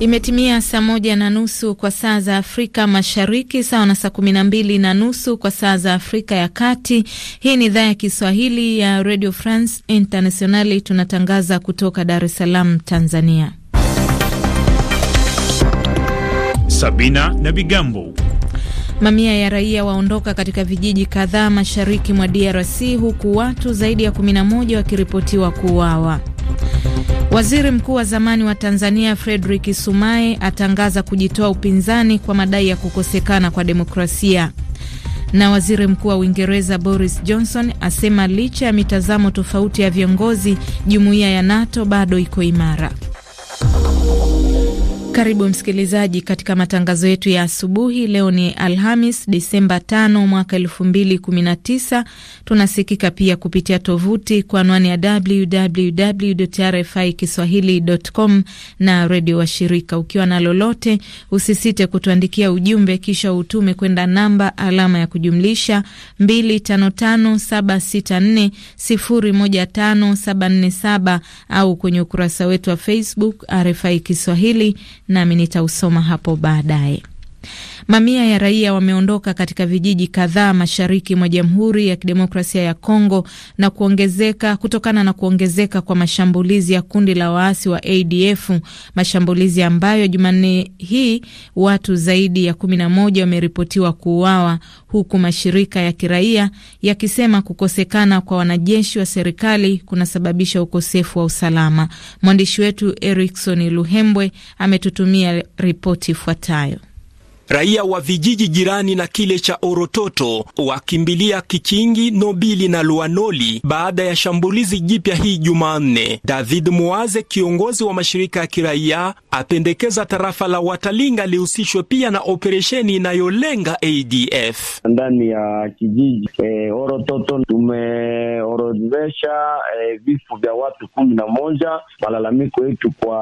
Imetimia saa moja na nusu kwa saa za Afrika Mashariki, sawa na saa kumi na mbili na nusu kwa saa za Afrika ya Kati. Hii ni idhaa ya Kiswahili ya Radio France Internationali, tunatangaza kutoka Dar es Salaam, Tanzania. Sabina na Vigambo. Mamia ya raia waondoka katika vijiji kadhaa mashariki mwa DRC, huku watu zaidi ya 11 wakiripotiwa kuuawa. Waziri mkuu wa zamani wa Tanzania Frederick Sumaye atangaza kujitoa upinzani kwa madai ya kukosekana kwa demokrasia. Na waziri mkuu wa Uingereza Boris Johnson asema licha ya mitazamo tofauti ya viongozi, jumuiya ya NATO bado iko imara. Karibu msikilizaji katika matangazo yetu ya asubuhi. Leo ni Alhamis, Disemba 5 mwaka 2019. Tunasikika pia kupitia tovuti kwa anwani ya www RFI kiswahili.com na redio washirika. Ukiwa na lolote, usisite kutuandikia ujumbe, kisha utume kwenda namba alama ya kujumlisha 255764015747 au kwenye ukurasa wetu wa Facebook RFI Kiswahili nami nitausoma hapo baadaye. Mamia ya raia wameondoka katika vijiji kadhaa mashariki mwa Jamhuri ya Kidemokrasia ya Kongo na kuongezeka kutokana na kuongezeka kwa mashambulizi ya kundi la waasi wa ADF, mashambulizi ambayo Jumanne hii watu zaidi ya 11 wameripotiwa kuuawa, huku mashirika ya kiraia yakisema kukosekana kwa wanajeshi wa serikali kunasababisha ukosefu wa usalama. Mwandishi wetu Erikson Luhembwe ametutumia ripoti ifuatayo. Raia wa vijiji jirani na kile cha Orototo wakimbilia Kichingi, Nobili na Luanoli baada ya shambulizi jipya hii Jumanne. David Muaze, kiongozi wa mashirika ya kiraia, apendekeza tarafa la Watalinga lihusishwe pia na operesheni inayolenga ADF ndani ya kijiji e, Orototo. Tumeorodhesha e, vifo vya watu kumi na moja. Malalamiko yetu kwa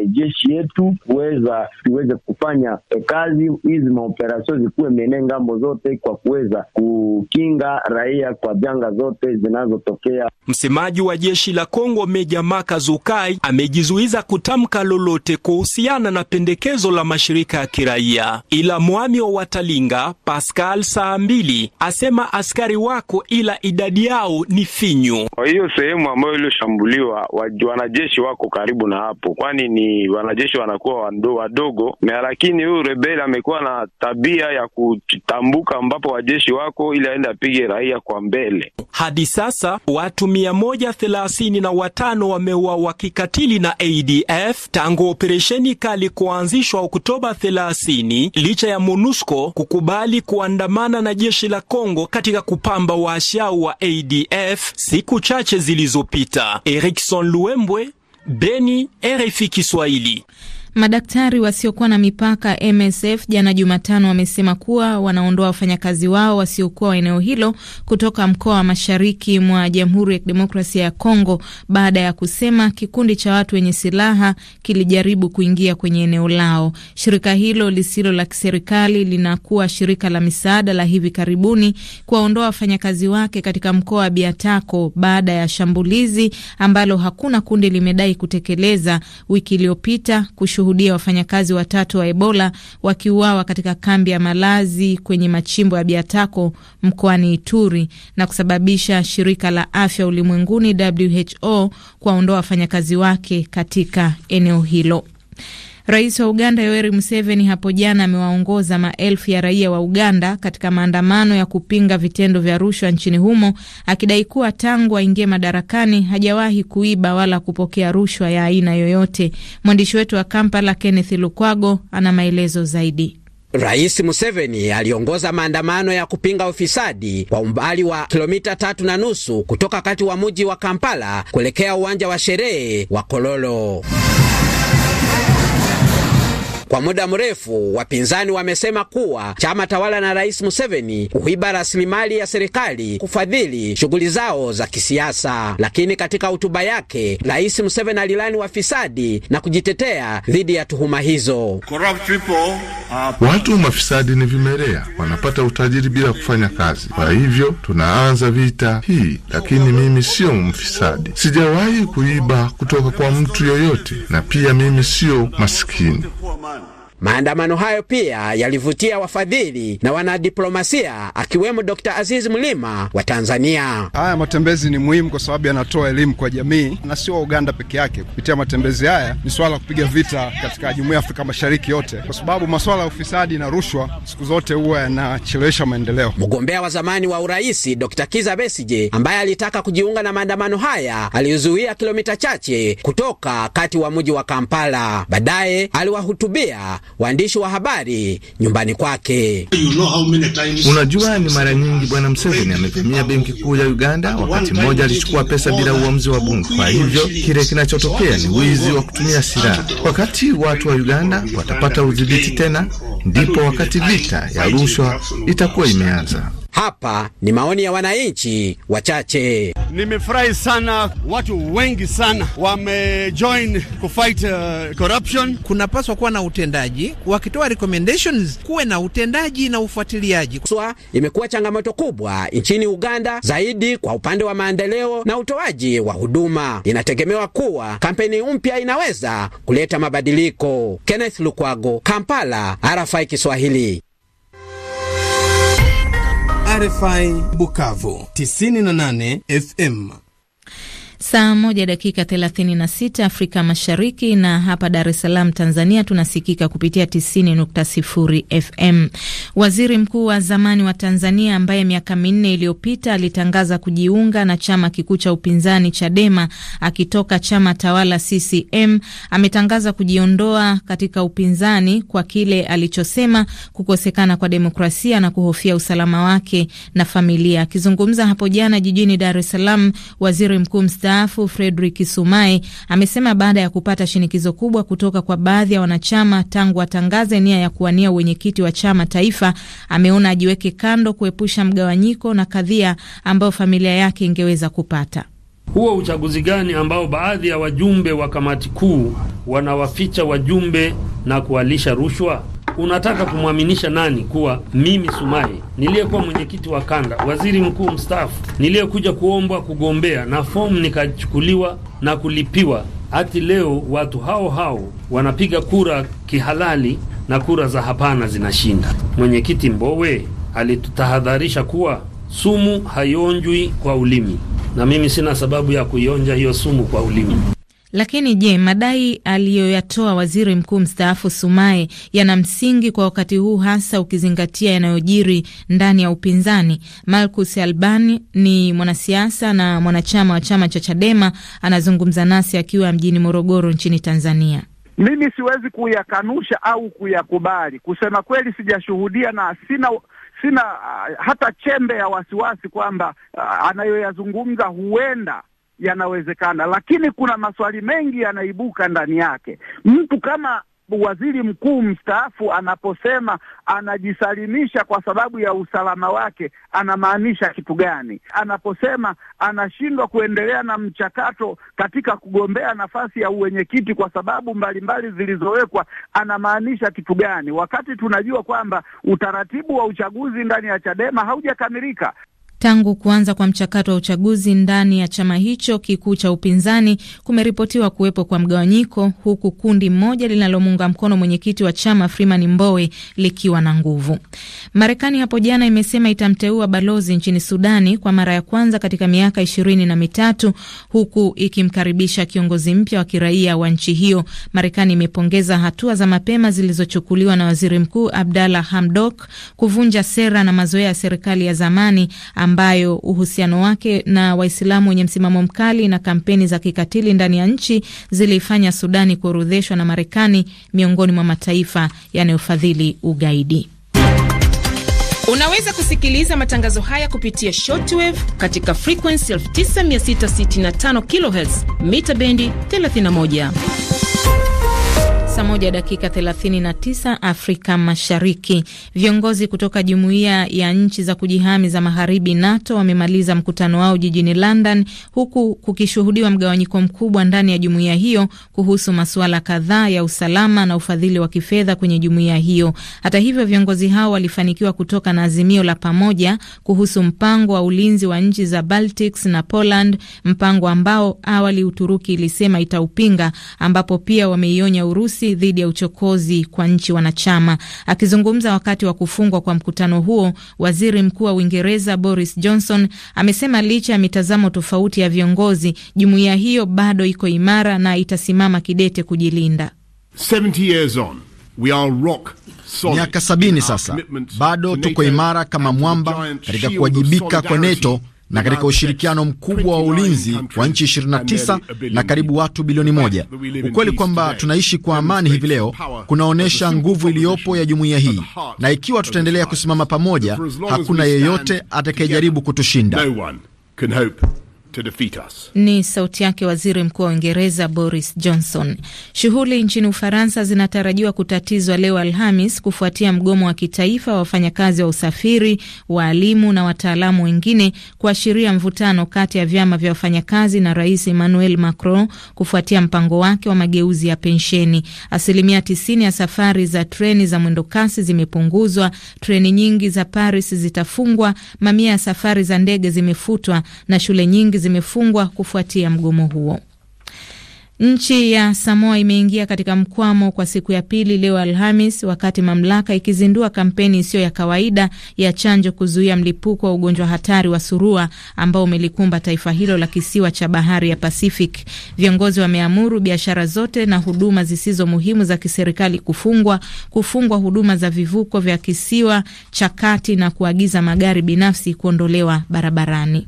e, jeshi yetu kuweza tuweze kufanya e, kazi hizi maoperasio zikuwe menee ngambo zote kwa kuweza kukinga raia kwa janga zote zinazotokea. Msemaji wa jeshi la Kongo Meja Maka Zukai amejizuiza kutamka lolote kuhusiana na pendekezo la mashirika ya kiraia, ila mwami wa Watalinga Pascal saa mbili asema askari wako, ila idadi yao ni finyu. Kwa hiyo sehemu ambayo iliyoshambuliwa wanajeshi wako karibu na hapo, kwani ni wanajeshi wanakuwa wadogo, lakini huyu rebeli amekuwa na tabia ya kutambuka ambapo wajeshi wako ili aende apige raia kwa mbele. Hadi sasa watu mia moja thelathini na watano wameuawa kikatili na ADF tangu operesheni kali kuanzishwa Oktoba 30 licha ya MONUSCO kukubali kuandamana na jeshi la Kongo katika kupamba waashiau wa ADF siku chache zilizopita. Erikson Luembwe, Beni, RFI Kiswahili. Madaktari wasiokuwa na mipaka MSF jana Jumatano wamesema kuwa wanaondoa wafanyakazi wao wasiokuwa wa eneo hilo kutoka mkoa wa mashariki mwa Jamhuri ya Kidemokrasia ya Kongo baada ya kusema kikundi cha watu wenye silaha kilijaribu kuingia kwenye eneo lao. Shirika hilo lisilo la kiserikali linakuwa shirika la misaada la hivi karibuni kuwaondoa wafanyakazi wake katika mkoa wa Biatako baada ya shambulizi ambalo hakuna kundi limedai kutekeleza wiki iliyopita kushuhu kushuhudia wafanyakazi watatu wa Ebola wakiuawa katika kambi ya malazi kwenye machimbo ya Biatako mkoani Ituri na kusababisha shirika la afya ulimwenguni WHO kuwaondoa wafanyakazi wake katika eneo hilo. Rais wa Uganda Yoweri Museveni hapo jana amewaongoza maelfu ya raia wa Uganda katika maandamano ya kupinga vitendo vya rushwa nchini humo, akidai kuwa tangu aingie madarakani hajawahi kuiba wala kupokea rushwa ya aina yoyote. Mwandishi wetu wa Kampala Kenneth Lukwago ana maelezo zaidi. Rais Museveni aliongoza maandamano ya kupinga ufisadi kwa umbali wa kilomita tatu na nusu kutoka kati wa mji wa Kampala kuelekea uwanja wa sherehe wa Kololo. Kwa muda mrefu wapinzani wamesema kuwa chama tawala na Rais Museveni huiba rasilimali ya serikali kufadhili shughuli zao za kisiasa, lakini katika hotuba yake Rais Museveni alilani wafisadi na kujitetea dhidi ya tuhuma hizo. Watu mafisadi ni vimelea, wanapata utajiri bila kufanya kazi. Kwa hivyo tunaanza vita hii, lakini mimi sio mfisadi, sijawahi kuiba kutoka kwa mtu yoyote, na pia mimi sio maskini. Maandamano hayo pia yalivutia wafadhili na wanadiplomasia akiwemo Dr. Aziz Mlima wa Tanzania. Haya matembezi ni muhimu kwa sababu yanatoa elimu kwa jamii na sio Uganda peke yake. Kupitia matembezi haya ni swala la kupiga vita katika Jumuiya ya Afrika Mashariki yote, kwa sababu masuala ya ufisadi na rushwa siku zote huwa yanachelewesha maendeleo. Mgombea wa zamani wa urais Dr. Kiza Besije ambaye alitaka kujiunga na maandamano haya alizuia kilomita chache kutoka kati wa mji wa Kampala. Baadaye aliwahutubia waandishi wa habari nyumbani kwake. Unajua, ni mara nyingi Bwana Mseveni amevamia benki kuu ya Uganda. Wakati mmoja alichukua pesa bila uamuzi wa bunge. Kwa hivyo kile kinachotokea ni wizi wa kutumia silaha. Wakati watu wa Uganda watapata udhibiti tena, ndipo wakati vita ya rushwa itakuwa imeanza. Hapa ni maoni ya wananchi wachache. Nimefurahi sana, watu wengi sana wamejoin kufight uh, corruption. Kunapaswa kuwa na utendaji, wakitoa recommendations kuwe na utendaji na ufuatiliaji. Swa imekuwa changamoto kubwa nchini Uganda, zaidi kwa upande wa maendeleo na utoaji wa huduma. Inategemewa kuwa kampeni mpya inaweza kuleta mabadiliko. Kenneth Lukwago, Kampala, RFI Kiswahili. RFI Bukavu 98 FM saa moja dakika 36 Afrika Mashariki, na hapa Dar es Salaam Tanzania tunasikika kupitia 90.0 FM. Waziri mkuu wa zamani wa Tanzania ambaye miaka minne iliyopita alitangaza kujiunga na chama kikuu cha upinzani Chadema akitoka chama tawala CCM ametangaza kujiondoa katika upinzani kwa kile alichosema kukosekana kwa demokrasia na kuhofia usalama wake na familia. Akizungumza hapo jana jijini Dar es Salaam, waziri mkuu mstaafu fredrik sumai amesema baada ya kupata shinikizo kubwa kutoka kwa baadhi ya wanachama tangu atangaze nia ya kuwania uwenyekiti wa chama taifa, ameona ajiweke kando kuepusha mgawanyiko na kadhia ambayo familia yake ingeweza kupata. Huo uchaguzi gani ambao baadhi ya wajumbe wa kamati kuu wanawaficha wajumbe na kuwalisha rushwa? unataka kumwaminisha nani kuwa mimi Sumaye niliyekuwa mwenyekiti wa kanda, waziri mkuu mstaafu, niliyekuja kuombwa kugombea na fomu nikachukuliwa na kulipiwa, hati leo watu hao hao wanapiga kura kihalali na kura za hapana zinashinda. Mwenyekiti Mbowe alitutahadharisha kuwa sumu haionjwi kwa ulimi, na mimi sina sababu ya kuionja hiyo sumu kwa ulimi. Lakini je, madai aliyoyatoa waziri mkuu mstaafu Sumaye yana msingi kwa wakati huu, hasa ukizingatia yanayojiri ndani ya upinzani? Marcus Albani ni mwanasiasa na mwanachama wa chama cha Chadema, anazungumza nasi akiwa mjini Morogoro nchini Tanzania. Mimi siwezi kuyakanusha au kuyakubali. Kusema kweli, sijashuhudia na sina sina ah, hata chembe ya wasiwasi kwamba ah, anayoyazungumza huenda yanawezekana, lakini kuna maswali mengi yanaibuka ndani yake. Mtu kama waziri mkuu mstaafu anaposema anajisalimisha kwa sababu ya usalama wake, anamaanisha kitu gani? Anaposema anashindwa kuendelea na mchakato katika kugombea nafasi ya uwenyekiti kwa sababu mbalimbali zilizowekwa, anamaanisha kitu gani? Wakati tunajua kwamba utaratibu wa uchaguzi ndani ya Chadema haujakamilika. Tangu kuanza kwa mchakato wa uchaguzi ndani ya chama hicho kikuu cha upinzani kumeripotiwa kuwepo kwa mgawanyiko, huku kundi moja linalomuunga mkono mwenyekiti wa chama Freeman Mbowe likiwa na nguvu. Marekani hapo jana imesema itamteua balozi nchini Sudani kwa mara ya kwanza katika miaka ishirini na mitatu huku ikimkaribisha kiongozi mpya wa kiraia wa nchi hiyo. Marekani imepongeza hatua za mapema zilizochukuliwa na waziri mkuu Abdalla Hamdok kuvunja sera na mazoea ya serikali ya zamani ambayo uhusiano wake na Waislamu wenye msimamo mkali na kampeni za kikatili ndani ya nchi ziliifanya Sudani kuorodheshwa na Marekani miongoni mwa mataifa yanayofadhili ugaidi. Unaweza kusikiliza matangazo haya kupitia shortwave katika frequency 9665 kHz mita bendi 31. Saa moja dakika 39 Afrika Mashariki. Viongozi kutoka jumuiya ya nchi za kujihami za magharibi NATO wamemaliza mkutano wao jijini London, huku kukishuhudiwa mgawanyiko mkubwa ndani ya jumuiya hiyo kuhusu masuala kadhaa ya usalama na ufadhili wa kifedha kwenye jumuiya hiyo. Hata hivyo, viongozi hao walifanikiwa kutoka na azimio la pamoja kuhusu mpango wa ulinzi wa nchi za Baltics na Poland, mpango ambao awali Uturuki ilisema itaupinga, ambapo pia wameionya Urusi uasi dhidi ya uchokozi kwa nchi wanachama. Akizungumza wakati wa kufungwa kwa mkutano huo, waziri mkuu wa Uingereza Boris Johnson amesema licha ya mitazamo tofauti ya viongozi, jumuiya hiyo bado iko imara na itasimama kidete kujilinda. 70 years on, we are rock miaka sabini sasa bado tuko imara kama mwamba katika kuwajibika kwa NATO na katika ushirikiano mkubwa wa ulinzi wa nchi 29 na karibu watu bilioni moja. Ukweli kwamba tunaishi kwa amani hivi leo kunaonyesha nguvu iliyopo ya jumuiya hii, na ikiwa tutaendelea kusimama pamoja, hakuna yeyote atakayejaribu kutushinda to defeat us. Ni sauti yake waziri mkuu wa Uingereza Boris Johnson. Shughuli nchini Ufaransa zinatarajiwa kutatizwa leo Alhamis kufuatia mgomo wa kitaifa wa wafanyakazi wa usafiri, waalimu na wataalamu wengine, kuashiria mvutano kati ya vyama vya wafanyakazi na Rais Emmanuel Macron kufuatia mpango wake wa mageuzi ya pensheni. Asilimia 90 ya safari za treni za mwendokasi zimepunguzwa, treni nyingi za Paris zitafungwa, mamia ya safari za ndege zimefutwa na shule nyingi zimefungwa kufuatia mgomo huo. Nchi ya Samoa imeingia katika mkwamo kwa siku ya pili leo Alhamis, wakati mamlaka ikizindua kampeni isiyo ya kawaida ya chanjo kuzuia mlipuko wa ugonjwa hatari wa surua ambao umelikumba taifa hilo la kisiwa cha bahari ya Pacific. Viongozi wameamuru biashara zote na huduma zisizo muhimu za kiserikali kufungwa, kufungwa huduma za vivuko vya kisiwa cha kati na kuagiza magari binafsi kuondolewa barabarani.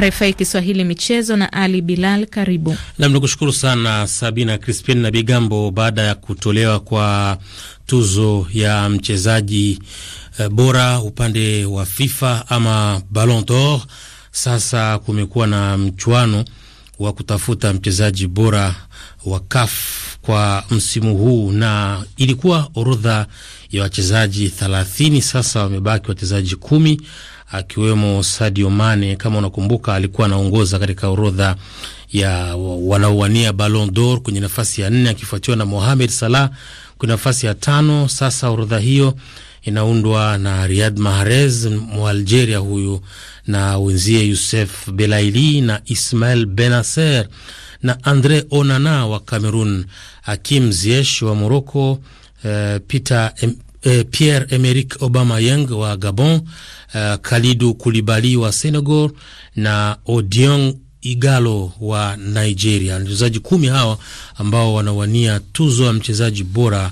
RFI Kiswahili michezo na Ali Bilal, karibu nam. kushukuru sana Sabina Crispin na Bigambo. Baada ya kutolewa kwa tuzo ya mchezaji uh, bora upande wa FIFA ama Ballon d'Or, sasa kumekuwa na mchuano wa kutafuta mchezaji bora wa CAF kwa msimu huu, na ilikuwa orodha ya wachezaji thelathini. Sasa wamebaki wachezaji kumi akiwemo Sadio Mane. Kama unakumbuka, alikuwa anaongoza katika orodha ya wanaowania Ballon d'Or kwenye nafasi ya nne, akifuatiwa na Mohamed Salah kwenye nafasi ya tano. Sasa orodha hiyo inaundwa na Riyad Mahrez mualgeria huyu na wenzie Youssef Belaili na Ismail Benacer na Andre Onana wa Cameroon, Hakim Ziyech wa Morocco, eh, Peter em, eh, Pierre Emerick Aubameyang wa Gabon, eh, Kalidou Koulibaly wa Senegal na Odion Igalo wa Nigeria. Wachezaji kumi hawa ambao wanawania tuzo ya mchezaji bora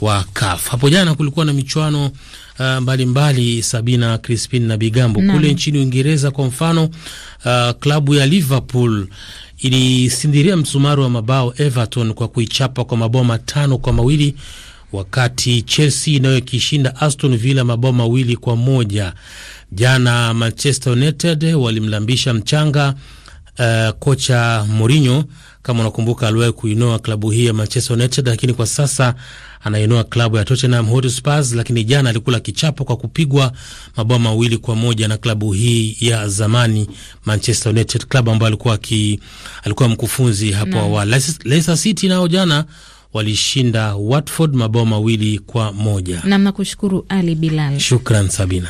wa CAF. Hapo jana kulikuwa na michuano Uh, mbalimbali Sabina Crispin na Bigambo kule nchini Uingereza. Kwa mfano uh, klabu ya Liverpool ilisindiria msumari wa mabao Everton kwa kuichapa kwa mabao matano kwa mawili wakati Chelsea nayo ikishinda Aston Villa mabao mawili kwa moja. Jana Manchester United walimlambisha mchanga Uh, kocha Mourinho kama unakumbuka, aliwahi kuinoa klabu hii ya Manchester United, lakini kwa sasa anainoa klabu ya Tottenham Hotspur, lakini jana alikula kichapo kwa kupigwa mabao mawili kwa moja na klabu hii ya zamani Manchester United, klabu ambayo alikuwa ki, alikuwa mkufunzi hapo awali. Leicester City nao jana walishinda Watford mabao mawili kwa moja. Nam, nakushukuru Ali Bilal. Shukran Sabina.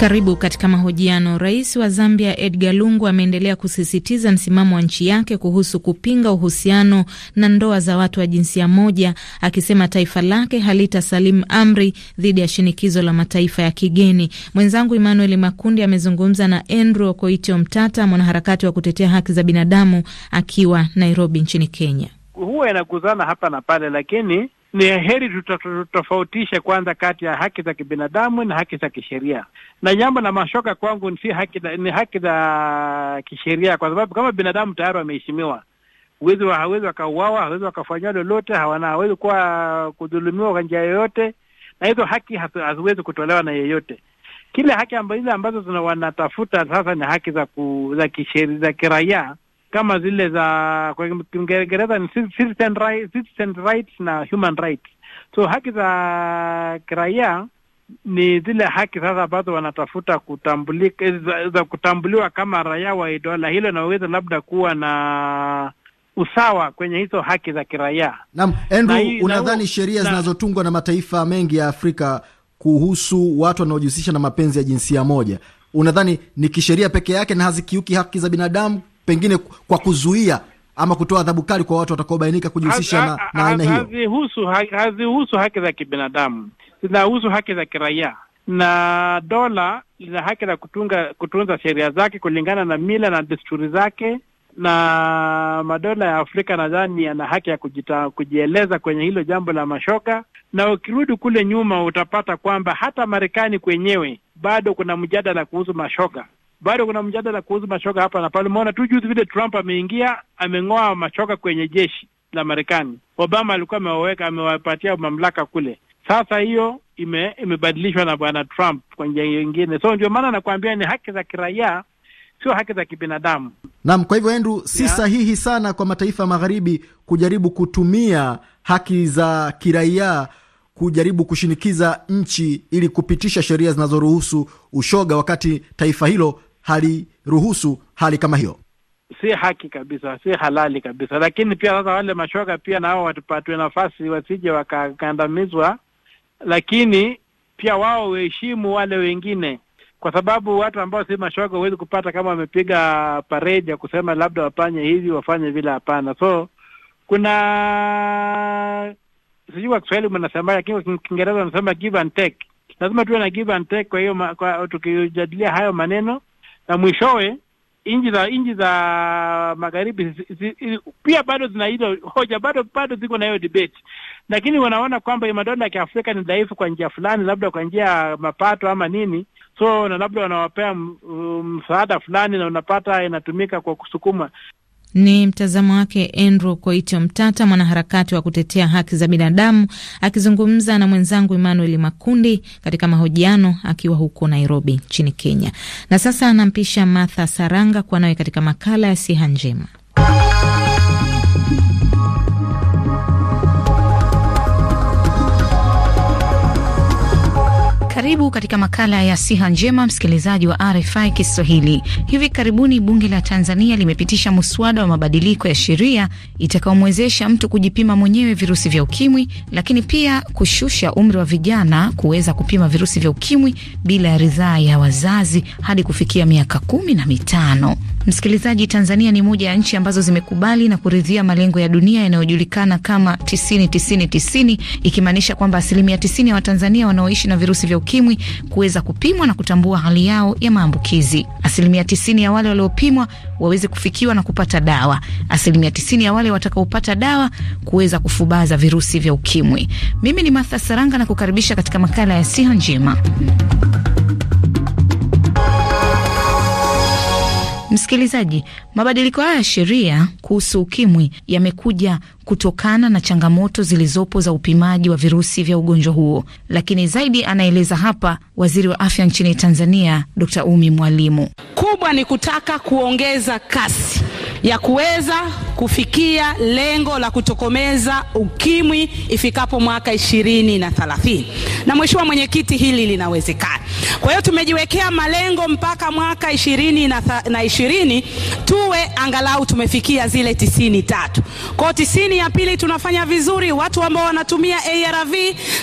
Karibu katika mahojiano. Rais wa Zambia Edgar Lungu ameendelea kusisitiza msimamo wa nchi yake kuhusu kupinga uhusiano na ndoa za watu wa jinsia moja, akisema taifa lake halitasalimu amri dhidi ya shinikizo la mataifa ya kigeni. Mwenzangu Emmanuel Makundi amezungumza na Andrew Okoitio Mtata, mwanaharakati wa kutetea haki za binadamu, akiwa Nairobi nchini Kenya. Huwa inakuzana hapa na pale, lakini ni heri tutofautishe kwanza kati ya haki za kibinadamu na haki za kisheria. Na jambo la mashoka kwangu si haki, ni haki za kisheria, kwa sababu kama binadamu tayari wameheshimiwa, hawezi hawezi wakauawa, hawezi wakafanyiwa lolote, hawana hawezi kuwa kudhulumiwa kwa njia yoyote, na hizo haki haziwezi kutolewa na yeyote. Kile haki ambazo ambazo wanatafuta sasa ni haki za ku, za kisheria za kiraia kama zile za kwa Kiingereza ni citizen rights, citizen rights na human rights. So haki za kiraia ni zile haki sasa ambazo wanatafuta kutambulika, eh, za, za kutambuliwa kama raia wa idola hilo, inaweza labda kuwa na usawa kwenye hizo haki za kiraia. Naam, Andrew, na unadhani sheria zinazotungwa na mataifa mengi ya Afrika kuhusu watu wanaojihusisha na mapenzi ya jinsia moja unadhani ni kisheria peke yake na hazikiuki haki za binadamu pengine kwa kuzuia ama kutoa adhabu kali kwa watu watakaobainika kujihusisha na aina hiyo. Hazihusu hazi haki za kibinadamu, zinahusu haki za kiraia, na dola lina haki za kutunga kutunza sheria zake kulingana na mila na desturi zake, na madola ya Afrika nadhani yana haki ya kujita, kujieleza kwenye hilo jambo la mashoka. Na ukirudi kule nyuma utapata kwamba hata Marekani kwenyewe bado kuna mjadala kuhusu mashoga bado kuna mjadala kuhusu mashoka hapa na pale. Umeona tu juzi vile Trump ameingia ameng'oa mashoka kwenye jeshi la Marekani. Obama alikuwa amewaweka amewapatia mamlaka kule, sasa hiyo ime, imebadilishwa na bwana Trump kwa njia nyingine. So ndio maana nakwambia ni haki za kiraia, sio haki za kibinadamu. Naam, kwa hivyo Andrew, si sahihi sana kwa mataifa magharibi kujaribu kutumia haki za kiraia kujaribu kushinikiza nchi ili kupitisha sheria zinazoruhusu ushoga wakati taifa hilo haliruhusu hali kama hiyo. Si haki kabisa, si halali kabisa. Lakini pia sasa wale mashoga pia nao watupatwe nafasi, wasije wakakandamizwa, lakini pia wao waheshimu wale wengine, kwa sababu watu ambao si mashoga huwezi kupata kama wamepiga parade ya kusema labda wafanye hivi wafanye vile. Hapana, so kuna sijui kwa Kiswahili mnasema, lakini kwa Kiingereza wanasema give and take. Lazima tuwe na give and take. Kwa hiyo tukijadilia hayo maneno na mwishowe nchi za nchi za magharibi zi, zi, pia bado zina hilo hoja, bado bado ziko na hiyo debate, lakini wanaona kwamba madola ya Kiafrika ni dhaifu kwa njia fulani, labda kwa njia ya mapato ama nini, so na labda wanawapea mm, msaada fulani na unapata inatumika kwa kusukuma ni mtazamo wake Andrew Koitio Mtata, mwanaharakati wa kutetea haki za binadamu, akizungumza na mwenzangu Emmanuel Makundi katika mahojiano akiwa huko Nairobi nchini Kenya. Na sasa anampisha Martha Saranga kuwa nawe katika makala ya Siha Njema. Karibu katika makala ya siha njema, msikilizaji wa RFI Kiswahili. Hivi karibuni bunge la Tanzania limepitisha muswada wa mabadiliko ya sheria itakayomwezesha mtu kujipima mwenyewe virusi vya ukimwi, lakini pia kushusha umri wa vijana kuweza kupima virusi vya ukimwi bila ya ridhaa ya wazazi hadi kufikia miaka kumi na mitano. Msikilizaji, Tanzania ni moja ya nchi ambazo zimekubali na kuridhia malengo ya dunia yanayojulikana kama 9990 ikimaanisha kwamba asilimia 90 ya Watanzania wanaoishi na virusi vya ukimwi kuweza kupimwa na kutambua hali yao ya maambukizi, asilimia 90 ya wale waliopimwa waweze kufikiwa na kupata dawa, asilimia 90 ya wale watakaopata dawa kuweza kufubaza virusi vya ukimwi. Mimi ni Martha Saranga na kukaribisha katika makala ya siha njema. Msikilizaji, mabadiliko haya ya sheria kuhusu ukimwi yamekuja kutokana na changamoto zilizopo za upimaji wa virusi vya ugonjwa huo. Lakini zaidi anaeleza hapa waziri wa afya nchini Tanzania, d Umi Mwalimu. Kubwa ni kutaka kuongeza kasi ya kuweza kufikia lengo la kutokomeza ukimwi ifikapo mwaka ishirini na thelathini. Na Mheshimiwa Mwenyekiti, hili linawezekana. Kwa hiyo tumejiwekea malengo mpaka mwaka ishirini na, na ishirini tuwe angalau tumefikia zile tisini tatu kwao tisini ya pili tunafanya vizuri watu ambao wanatumia ARV,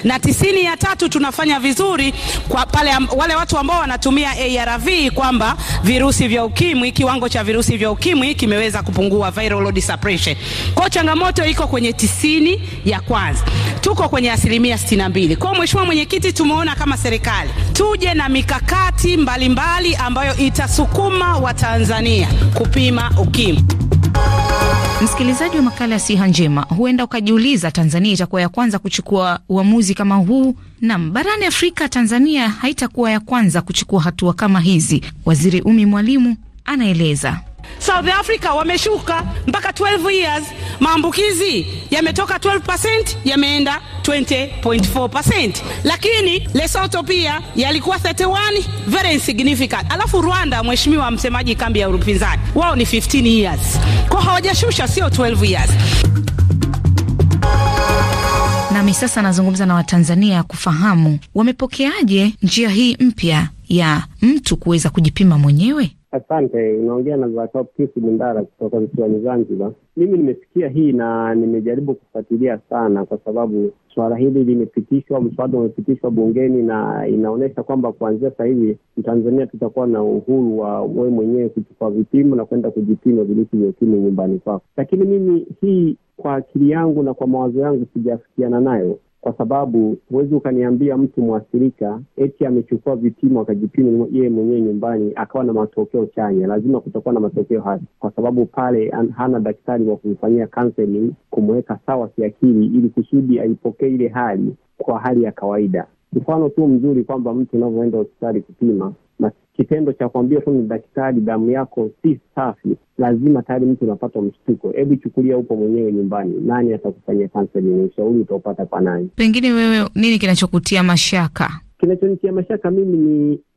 na tisini ya tatu tunafanya vizuri kwa pale wale watu ambao wanatumia ARV, kwamba virusi vya ukimwi, kiwango cha virusi vya ukimwi kimeweza kupungua, viral load suppression. Kwa changamoto iko kwenye tisini ya kwanza, tuko kwenye asilimia sitini na mbili. Kwa mheshimiwa mwenyekiti, tumeona kama serikali tuje na mikakati mbalimbali mbali ambayo itasukuma Watanzania kupima ukimwi. Msikilizaji wa makala ya siha njema, huenda ukajiuliza Tanzania itakuwa ya kwanza kuchukua uamuzi kama huu. Nam, barani Afrika Tanzania haitakuwa ya kwanza kuchukua hatua kama hizi. Waziri Umi Mwalimu anaeleza. South Africa wameshuka mpaka 12 years, maambukizi yametoka 12% yameenda 20.4%, lakini Lesotho pia yalikuwa 31, very insignificant. Alafu Rwanda, mheshimiwa msemaji kambi ya upinzani, wao ni 15 years, kwa hawajashusha, sio 12 years. Nami sasa nazungumza na Watanzania kufahamu wamepokeaje njia hii mpya ya mtu kuweza kujipima mwenyewe. Asante. Unaongea na Vatopkisi Bundara kutoka visiwani Zanzibar. Mimi nimesikia hii na nimejaribu kufuatilia sana, kwa sababu suala hili limepitishwa, mswada umepitishwa bungeni na inaonyesha kwamba kuanzia sasa hivi Mtanzania tutakuwa na uhuru wa wewe mwenyewe kuchukua vipimo na kwenda kujipima virusi vya ukimwi nyumbani kwako. Lakini mimi hii kwa akili yangu na kwa mawazo yangu sijafikiana nayo kwa sababu huwezi ukaniambia mtu mwathirika eti amechukua vipimo akajipima yeye mwenyewe nyumbani akawa na matokeo chanya. Lazima kutakuwa na matokeo hasi, kwa sababu pale hana daktari wa kumfanyia counseling, kumweka sawa kiakili, ili kusudi aipokee ile hali kwa hali ya kawaida mfano tu mzuri kwamba mtu unavyoenda hospitali kupima na kitendo cha kuambia tu ni daktari, damu yako si safi, lazima tayari mtu unapata mshtuko. Hebu chukulia upo mwenyewe nyumbani, nani atakufanyia Ni Ushauri utaupata kwa nani? Pengine wewe, nini kinachokutia mashaka? Kinachonitia mashaka mimi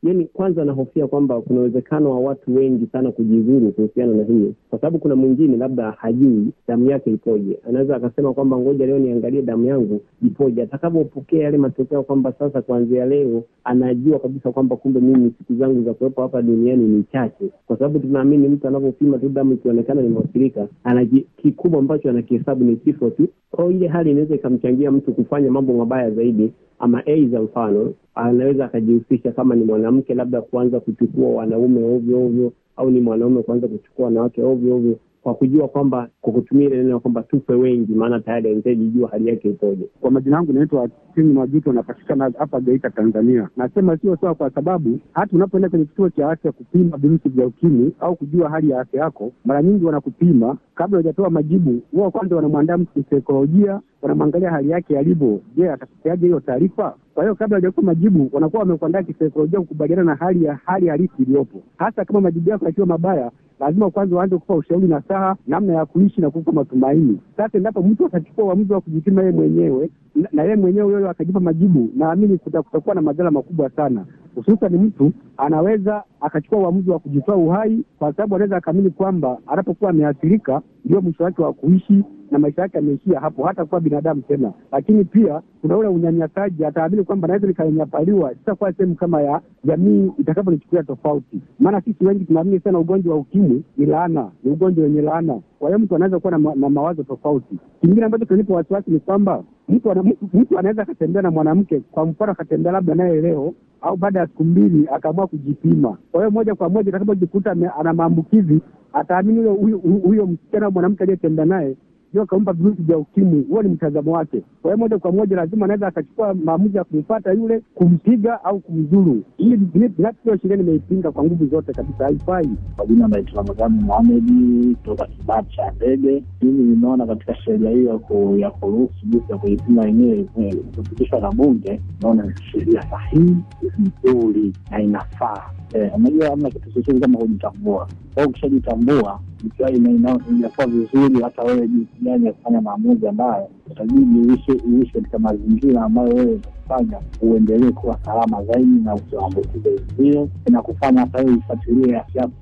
ni yani, kwanza nahofia kwamba kuna uwezekano wa watu wengi sana kujizuru kuhusiana na hiyo, kwa sababu kuna mwingine labda hajui damu yake ipoje, anaweza akasema kwamba ngoja leo niangalie damu yangu ipoje. Atakavyopokea yale matokeo kwamba sasa kuanzia leo anajua kabisa kwamba kumbe mimi siku zangu za kuwepo hapa duniani ni chache, kwa sababu tunaamini mtu anavyopima tu damu ikionekana imewasilika, ana kikubwa ambacho anakihesabu ni kifo tu. Kwa hiyo ile hali inaweza ikamchangia mtu kufanya mambo mabaya zaidi, ama aidha, mfano anaweza akajihusisha kama ni mwana mwanamke labda kuanza kuchukua wanaume ovyo ovyo, au ni mwanaume kuanza kuchukua wanawake ovyo ovyo, kwa kujua kwamba kwa kutumia ile neno kwamba tufe wengi, maana tayari alishajijua hali yake ikoje. Kwa majina yangu naitwa Timu Majuto, napatikana hapa Geita, Tanzania. Nasema sio sawa, kwa sababu hata unapoenda kwenye kituo cha afya kupima virusi vya ukimwi au kujua hali ya afya yako, mara nyingi wanakupima kabla hujatoa majibu, huwa kwanza wanamwandaa mtu kisaikolojia wanamwangalia hali yake alivyo, je, atapokeaje hiyo taarifa? Kwa hiyo kabla hajakupa majibu, wanakuwa wamekuandaa kisaikolojia kukubaliana na hali ya hali halisi iliyopo. hasa kama majibu yako yakiwa mabaya, lazima kwanza waanze kupa ushauri na saha, namna ya kuishi na kupa matumaini. Sasa endapo mtu atachukua uamuzi wa kujipima yeye mwenyewe na yeye mwenyewe huyo akajipa majibu, naamini kutakuwa na madhara makubwa sana. Hususan mtu anaweza akachukua uamuzi wa kujitoa uhai, kwa sababu anaweza akaamini kwamba anapokuwa ameathirika ndio mwisho wake wa kuishi na maisha yake ameishia hapo, hata kuwa binadamu tena. Lakini pia kuna ule unyanyasaji, ataamini kwamba naweza nikanyanyapaliwa, sitakuwa sehemu kama ya jamii itakavyonichukulia tofauti. Maana sisi wengi tunaamini sana ugonjwa wa ukimwi ni laana, ni ugonjwa wenye laana. Kwa hiyo mtu anaweza kuwa na, ma na mawazo tofauti. Kingine ambacho kinanipa wasiwasi ni kwamba mtu anaweza akatembea na mwanamke, kwa mfano akatembea labda naye leo au baada ya siku mbili akaamua kujipima. Kwa hiyo moja kwa moja atakapojikuta ana maambukizi, ataamini huyo huyo msichana au mwanamke aliyetenda naye sio kampa virusi vya ukimwi. Huo ni mtazamo wake. Kwa hiyo moja kwa moja lazima anaweza akachukua maamuzi ya kumfata yule, kumpiga au kumzuru. Hii hiyo sheria nimeipinga kwa nguvu zote kabisa, haifai. Kwa jina naitwa Mgami Mohamedi toka kibaa cha ndege. Mimi nimeona katika sheria hiyo ya kuruhusu jinsi ya kuipima yenyewe eh, kupitishwa na Bunge, naona ni sheria sahihi nzuri na inafaa. Eh, unajua, hamna kitu chochote kama kujitambua. Kwa ukishajitambua ikiwa inakuwa vizuri, hata wewe jinsi gani ya kufanya maamuzi ambayo utabidi uishi katika mazingira ambayo wewe unakufanya uendelee kuwa salama zaidi na usiambukize hiyo, na kufanya hata wewe ufuatilie afya yako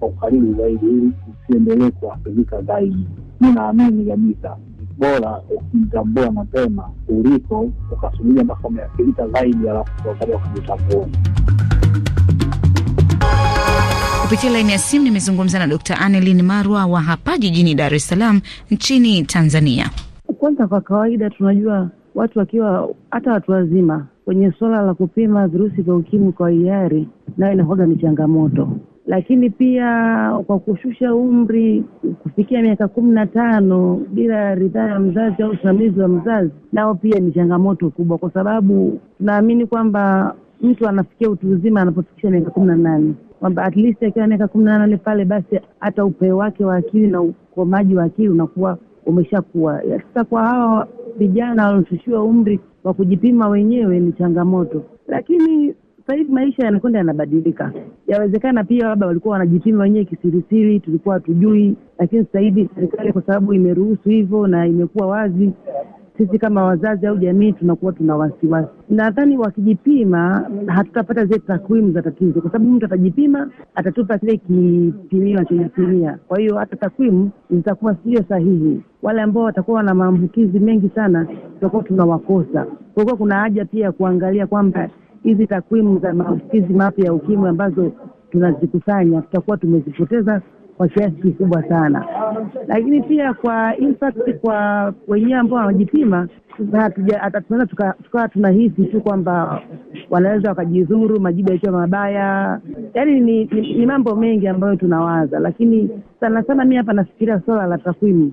kwa ukaribu zaidi, ili usiendelee kuathirika zaidi. Mi naamini kabisa bora ukimtambua mapema kuliko ukasubiria mpaka umeathirika zaidi, alafu kuangalia ukajitambua. Kupitia laini ya simu nimezungumza na Dr. anelin Marwa wa hapa jijini Dar es Salaam nchini Tanzania. Kwanza, kwa kawaida tunajua watu wakiwa hata watu wazima kwenye suala la kupima virusi vya ukimwi kwa hiari, nayo inakuwaga ni changamoto, lakini pia kwa kushusha umri kufikia miaka kumi na tano bila ridhaa ya mzazi au usimamizi wa mzazi, nao pia ni changamoto kubwa, kwa sababu tunaamini kwamba mtu anafikia utu uzima anapofikisha miaka kumi na nane kwamba at least akiwa miaka kumi na nane pale, basi hata upeo wake wa akili na ukomaji wa akili unakuwa umeshakuwa. Sasa kwa hawa vijana walioshushiwa umri wa kujipima wenyewe ni changamoto, lakini sasa hivi maisha yanakwenda yanabadilika. Yawezekana pia labda walikuwa wanajipima wenyewe kisirisiri, tulikuwa hatujui, lakini sasa hivi serikali kwa sababu imeruhusu hivyo na imekuwa wazi, sisi kama wazazi au jamii tunakuwa tuna wasiwasi. Nadhani wakijipima, hatutapata zile takwimu za tatizo, kwa sababu mtu atajipima, atatupa kile kipimio anachojipimia. Kwa hiyo hata takwimu zitakuwa sio sahihi. Wale ambao watakuwa wana maambukizi mengi sana, tutakuwa tunawakosa. Kwa hiyo kuna haja pia ya kuangalia kwamba hizi takwimu za maambukizi mapya ya ukimwi ambazo tunazikusanya tutakuwa tumezipoteza kwa kiasi kikubwa sana, lakini pia kwa impact kwa wenyewe ambao wanajipima tunaweza tukawa tunahisi tu kwamba wanaweza wakajizuru majibu yakiwa mabaya. yani ni, ni, ni mambo mengi ambayo tunawaza, lakini sana sana mi hapa nafikiria swala la takwimu.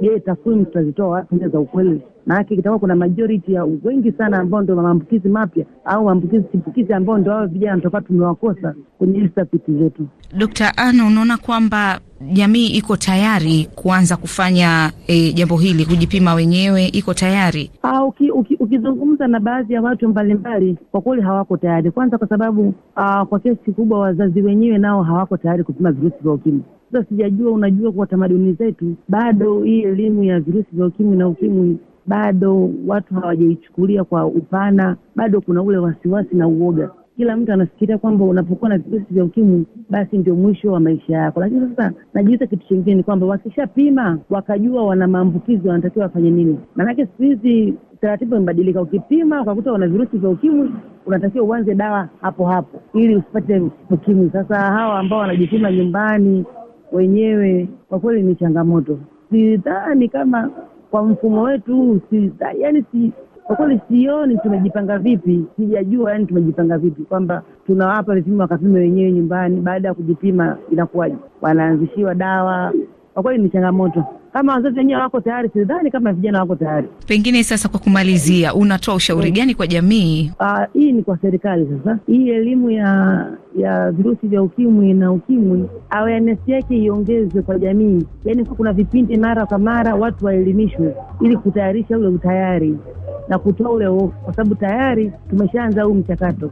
Je, takwimu tutazitoa wapi za ukweli? maanake kitakuwa kuna majority ya wengi sana ambao ndo maambukizi mapya au maambukizi chipukizi ambao ndo hao vijana tutakuwa tumewakosa kwenye hizi tafiti zetu. Dr. Ana, unaona kwamba jamii iko tayari kuanza kufanya e, jambo hili kujipima wenyewe, iko tayari? Aa, ah, uki, uki, ukizungumza na baadhi ya watu mbalimbali, kwa kweli hawako tayari, kwanza kwa sababu aa, ah, kwa kiasi kubwa wazazi wenyewe nao hawako tayari kupima virusi vya ukimwi. Sasa sijajua, unajua, kwa tamaduni zetu bado hii elimu ya virusi vya ukimwi na ukimwi bado watu hawajaichukulia kwa upana, bado kuna ule wasiwasi na uoga. Kila mtu anafikiria kwamba unapokuwa na virusi vya ukimwi basi ndio mwisho wa maisha yako, lakini sasa najiuliza kitu chingine ni kwamba wakishapima wakajua wana maambukizi, wanatakiwa wafanye nini? Maanake siku hizi taratibu imebadilika. Ukipima ukakuta una virusi vya ukimwi, unatakiwa uanze dawa hapo hapo ili usipate ukimwi. Sasa hawa ambao wanajipima nyumbani wenyewe, kwa kweli ni changamoto. Sidhani kama kwa mfumo wetu huu si, yani si kwa kweli sioni tumejipanga vipi, sijajua yani tumejipanga vipi kwamba tunawapa vipimo wakapima wenyewe nyumbani, baada ya kujipima inakuwaje? Wanaanzishiwa dawa, kwa kweli ni changamoto. Kama wazazi wenyewe wako tayari, sidhani kama vijana wako tayari. Pengine sasa, kwa kumalizia, mm. unatoa ushauri mm. gani kwa jamii? Uh, hii ni kwa serikali sasa, hii elimu ya ya virusi vya ukimwi na ukimwi, awareness yake iongezwe kwa jamii, yaani kuna vipindi mara kwa mara watu waelimishwe, ili kutayarisha ule utayari na kutoa ule hofu, kwa sababu tayari tumeshaanza huu mchakato.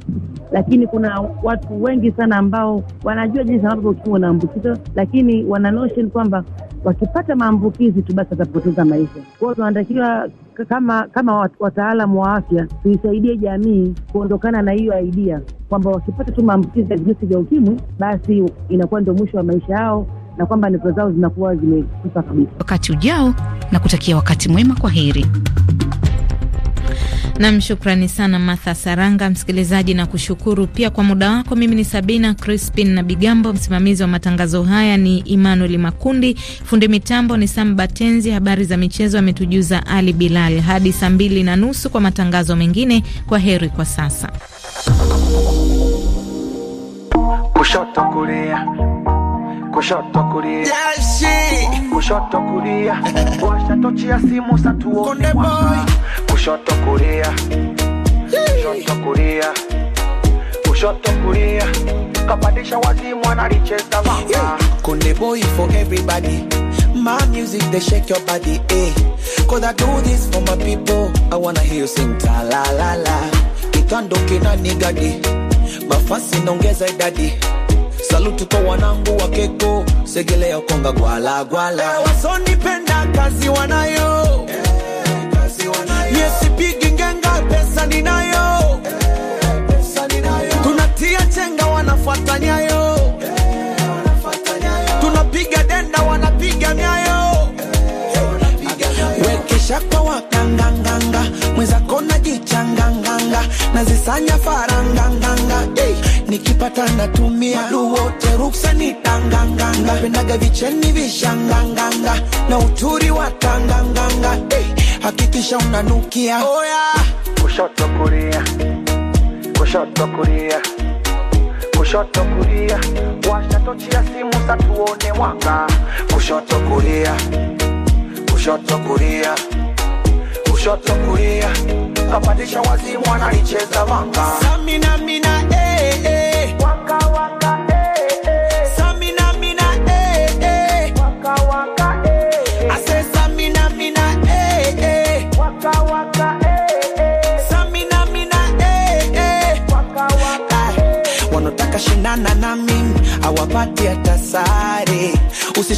Lakini kuna watu wengi sana ambao wanajua jinsi ambavyo ukimwi unaambukiza, lakini wana notion kwamba wakipata maambukizi tu basi atapoteza maisha. kwao. tunatakiwa kama kama wataalamu wa afya tuisaidie jamii kuondokana na hiyo idea kwamba wakipata tu maambukizi ya virusi vya ukimwi basi inakuwa ndio mwisho wa maisha yao na kwamba ndoto zao zinakuwa zimekufa kabisa. Wakati ujao na kutakia wakati mwema, kwa heri. Nam, shukrani sana Martha Saranga. Msikilizaji na kushukuru pia kwa muda wako. Mimi ni Sabina Crispin na Bigambo, msimamizi wa matangazo haya ni Emmanuel Makundi, fundi mitambo ni Sam Batenzi, habari za michezo ametujuza Ali Bilal. Hadi saa mbili na nusu kwa matangazo mengine, kwa heri kwa sasa. Kushoto kulia, kushoto kulia kushoto kulia, washa tochi ya simu satuone mwanga, kushoto kulia, kushoto kulia, kushoto kulia, kapandisha wazimu analicheza vanga. Konde boy for everybody, my music they shake your body eh. Cause I do this for my people, I wanna hear you sing ta la la la. Kitando nigadi mafasi nongeza idadi salutu kwa wanangu wa Keko, ya Konga, Gwala, Gwala. Eh, Wasonipenda kazi wanayo, eh, kazi wanayo. Yesipigi ngenga pesa ninayo, eh, pesa ninayo. Tunatia chenga wanafuata nyayo, eh, Tunapiga denda wanapiga nyayo, eh, kwa wakanganganga, nazisanya faranganganga, hey. Eh nikipata natumia madu wote ni tanganganga napendaga vicheni vishanganganga na uturi wa tanganganga hey, hakikisha unanukia oh yeah. kushoto kulia kushoto kulia kushoto kulia ya simu tuone mwanga kushoto kulia kushoto kulia kushoto kulia kapandisha wazimu analicheza vanga samina mina eh.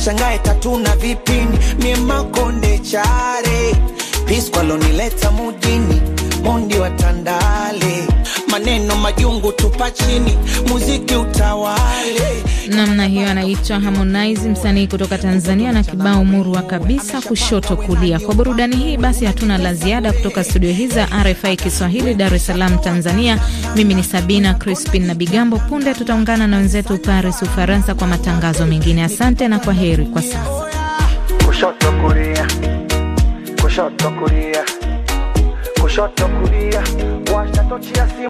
ushangae tatu na vipini makonde chare piskwalonileta mujini mondi wa Tandale maneno majungu tupa chini, muziki utawale. Namna hiyo anaitwa Harmonize, msanii kutoka Tanzania, na kibao murwa kabisa, kushoto kulia. Kwa burudani hii basi, hatuna la ziada kutoka studio hii za RFI Kiswahili, Dar es Salaam, Tanzania. Mimi ni Sabina Crispin na Bigambo. Punde tutaungana na wenzetu Paris, Ufaransa, kwa matangazo mengine. Asante na kwa heri kwa sasa. Kushoto kulia, kushoto kulia, kushoto kulia, washa tochi